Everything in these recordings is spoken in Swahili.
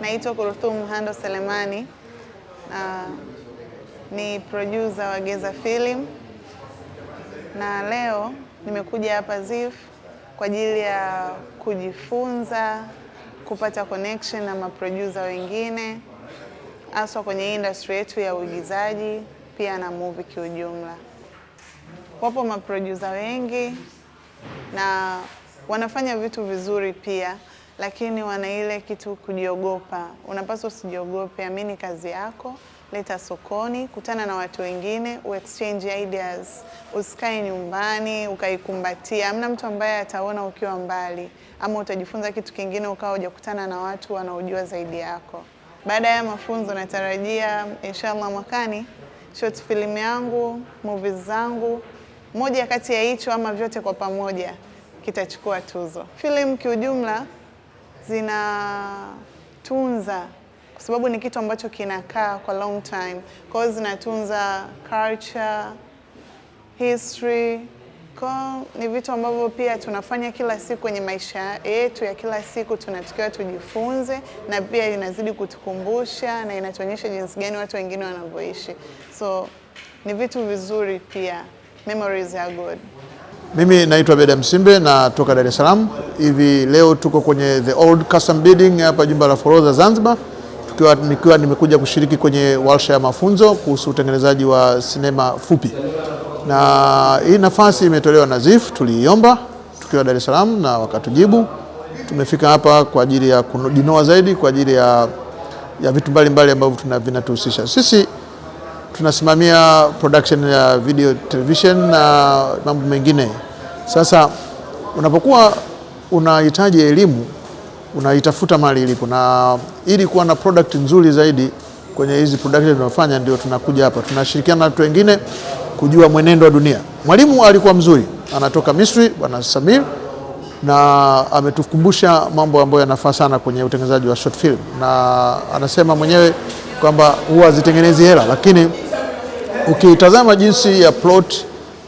Naitwa Kurthum Mhando Selemani na ni producer wa Geza Film, na leo nimekuja hapa ZIFF kwa ajili ya kujifunza kupata connection na maproducer wengine haswa kwenye industry yetu ya uigizaji pia na movie kiujumla. Wapo maproducer wengi na wanafanya vitu vizuri pia lakini wana ile kitu kujiogopa. Unapaswa usijiogope, amini kazi yako, leta sokoni, kutana na watu wengine, u exchange ideas. Usikae nyumbani ukaikumbatia. Hamna mtu ambaye ataona ukiwa mbali, ama utajifunza kitu kingine ukawa hujakutana na watu wanaojua zaidi yako. Baada ya mafunzo, natarajia inshallah mwakani short film yangu, movies zangu, moja kati ya hicho ama vyote kwa pamoja kitachukua tuzo. Film kiujumla zinatunza kwa sababu ni kitu ambacho kinakaa kwa long time. Kwa hiyo zinatunza culture, history. Kwa ni vitu ambavyo pia tunafanya kila siku kwenye maisha yetu ya kila siku, tunatakiwa tujifunze, na pia inazidi kutukumbusha na inatuonyesha jinsi gani watu wengine wanavyoishi. So ni vitu vizuri pia, memories are good. Mimi naitwa Beda Msimbe na toka Dar es Salaam. Hivi leo tuko kwenye the old custom building hapa jumba la forodha Zanzibar, tukiwa nikiwa nimekuja kushiriki kwenye warsha ya mafunzo kuhusu utengenezaji wa sinema fupi, na hii nafasi imetolewa na ZIF, tuliiomba tukiwa Dar es Salaam na wakatujibu. Tumefika hapa kwa ajili ya kujinoa zaidi kwa ajili ya, ya vitu mbalimbali ambavyo vinatuhusisha sisi tunasimamia production ya video television na mambo mengine sasa unapokuwa unahitaji elimu unaitafuta mali ilipo, na ili kuwa na product nzuri zaidi kwenye hizi product tunafanya, ndio tunakuja hapa, tunashirikiana na watu wengine kujua mwenendo wa dunia. Mwalimu alikuwa mzuri, anatoka Misri, Bwana Samir, na ametukumbusha mambo ambayo yanafaa sana kwenye utengenezaji wa short film, na anasema mwenyewe kwamba huwa hazitengenezi hela, lakini ukitazama jinsi ya plot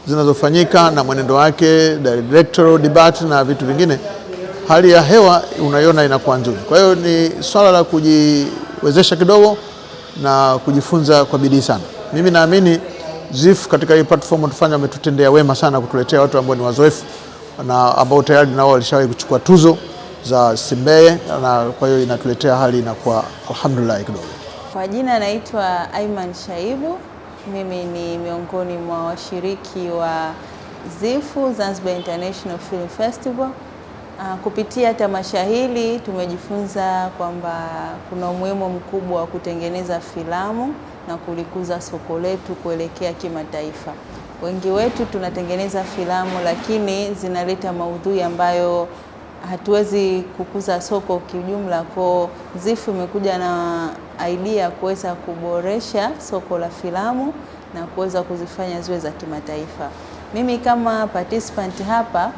zinazofanyika na mwenendo wake, directorial debate na vitu vingine, hali ya hewa unaiona inakuwa nzuri. Kwa hiyo ni swala la kujiwezesha kidogo na kujifunza kwa bidii sana. Mimi naamini ZIF katika hii platform tufanya wametutendea wema sana kutuletea watu ambao ni wazoefu na ambao tayari nao walishawahi kuchukua tuzo za Simbeye na kwa hiyo inatuletea hali inakuwa alhamdulillah kidogo. Kwa jina naitwa Aiman Shaibu. Mimi ni miongoni mwa washiriki wa ZIFU Zanzibar International Film Festival. Ah, kupitia tamasha hili tumejifunza kwamba kuna umuhimu mkubwa wa kutengeneza filamu na kulikuza soko letu kuelekea kimataifa. Wengi wetu tunatengeneza filamu lakini zinaleta maudhui ambayo hatuwezi kukuza soko kiujumla. Kwa ZIFU imekuja na idea ya kuweza kuboresha soko la filamu na kuweza kuzifanya ziwe za kimataifa. Mimi kama participant hapa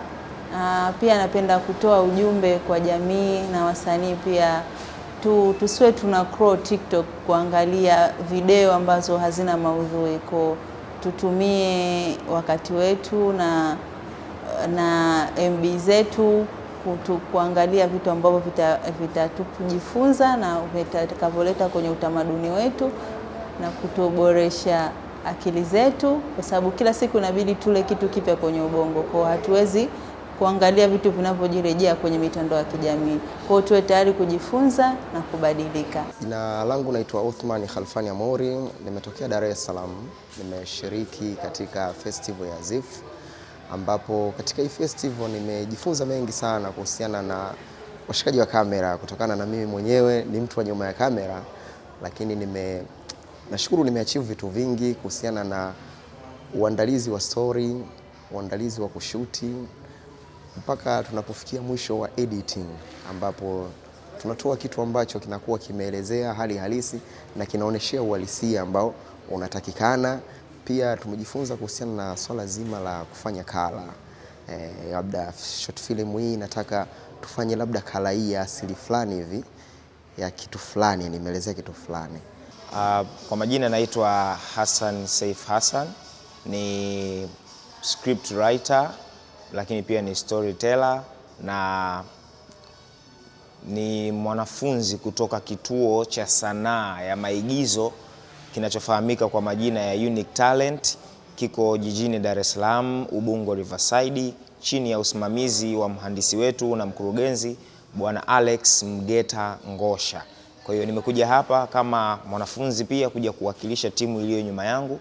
a, ah, pia napenda kutoa ujumbe kwa jamii na wasanii pia tu, tusiwe tuna crow TikTok kuangalia video ambazo hazina maudhui, kwa tutumie wakati wetu na na MB zetu kutu, kuangalia vitu ambavyo vitatujifunza vita na vitakavyoleta kwenye utamaduni wetu na kutuboresha akili zetu, kwa sababu kila siku inabidi tule kitu kipya kwenye ubongo, kwa hatuwezi kuangalia vitu vinavyojirejea kwenye mitandao ya kijamii. Kwa hiyo tuwe tayari kujifunza na kubadilika. Jina langu naitwa Uthman Khalfani Amori, nimetokea Dar es Salaam, nimeshiriki katika festival ya ZIFF ambapo katika hii festival nimejifunza mengi sana kuhusiana na washikaji wa kamera kutokana na mimi mwenyewe ni mtu wa nyuma ya kamera, lakini nime nashukuru nimeachieve vitu vingi kuhusiana na uandalizi wa story, uandalizi wa kushuti mpaka tunapofikia mwisho wa editing ambapo tunatoa kitu ambacho kinakuwa kimeelezea hali halisi na kinaoneshea uhalisia ambao unatakikana. Pia tumejifunza kuhusiana na swala zima la kufanya kala e, labda short film hii nataka tufanye labda kala hii ya asili fulani hivi ya kitu fulani, nimeelezea kitu fulani. Uh, kwa majina naitwa Hassan Saif Hassan, ni script writer lakini pia ni storyteller na ni mwanafunzi kutoka kituo cha sanaa ya maigizo kinachofahamika kwa majina ya Unique Talent kiko jijini Dar es Salaam, Ubungo Riverside, chini ya usimamizi wa mhandisi wetu na mkurugenzi Bwana Alex Mgeta Ngosha. Kwa hiyo nimekuja hapa kama mwanafunzi pia kuja kuwakilisha timu iliyo nyuma yangu.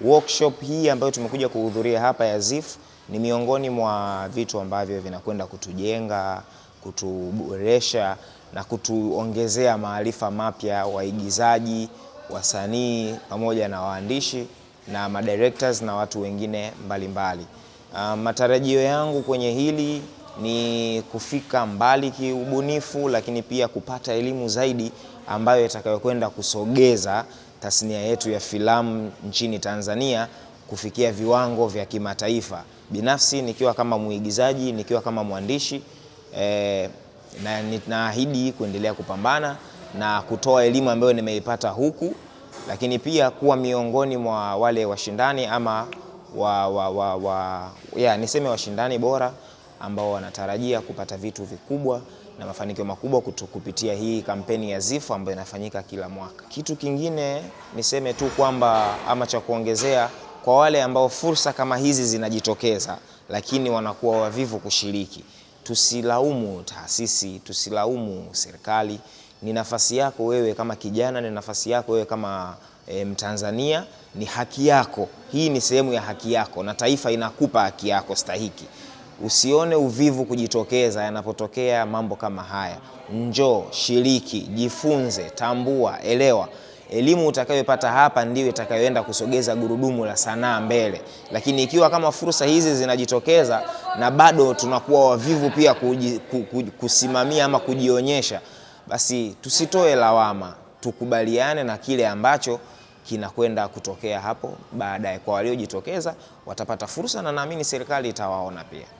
Workshop hii ambayo tumekuja kuhudhuria hapa ya ZIF ni miongoni mwa vitu ambavyo vinakwenda kutujenga, kutuboresha na kutuongezea maarifa mapya waigizaji wasanii pamoja na waandishi na madirectors na watu wengine mbalimbali mbali. Uh, matarajio yangu kwenye hili ni kufika mbali kiubunifu, lakini pia kupata elimu zaidi ambayo itakayokwenda kusogeza tasnia yetu ya filamu nchini Tanzania kufikia viwango vya kimataifa. Binafsi nikiwa kama mwigizaji, nikiwa kama mwandishi eh, na ninaahidi kuendelea kupambana na kutoa elimu ambayo nimeipata huku, lakini pia kuwa miongoni mwa wale washindani ama wa, wa, wa, wa, ya, niseme washindani bora ambao wanatarajia kupata vitu vikubwa na mafanikio makubwa kupitia hii kampeni ya ZIFU ambayo inafanyika kila mwaka. Kitu kingine niseme tu kwamba ama cha kuongezea kwa wale ambao fursa kama hizi zinajitokeza lakini wanakuwa wavivu kushiriki, tusilaumu taasisi, tusilaumu serikali ni nafasi yako wewe kama kijana, ni nafasi yako wewe kama e, Mtanzania, ni haki yako. Hii ni sehemu ya haki yako na taifa inakupa haki yako stahiki. Usione uvivu kujitokeza yanapotokea mambo kama haya. Njoo, shiriki, jifunze, tambua, elewa. Elimu utakayopata hapa ndiyo itakayoenda kusogeza gurudumu la sanaa mbele. Lakini ikiwa kama fursa hizi zinajitokeza na bado tunakuwa wavivu pia kusimamia ama kujionyesha basi tusitoe lawama, tukubaliane na kile ambacho kinakwenda kutokea hapo baadaye. Kwa waliojitokeza watapata fursa, na naamini serikali itawaona pia.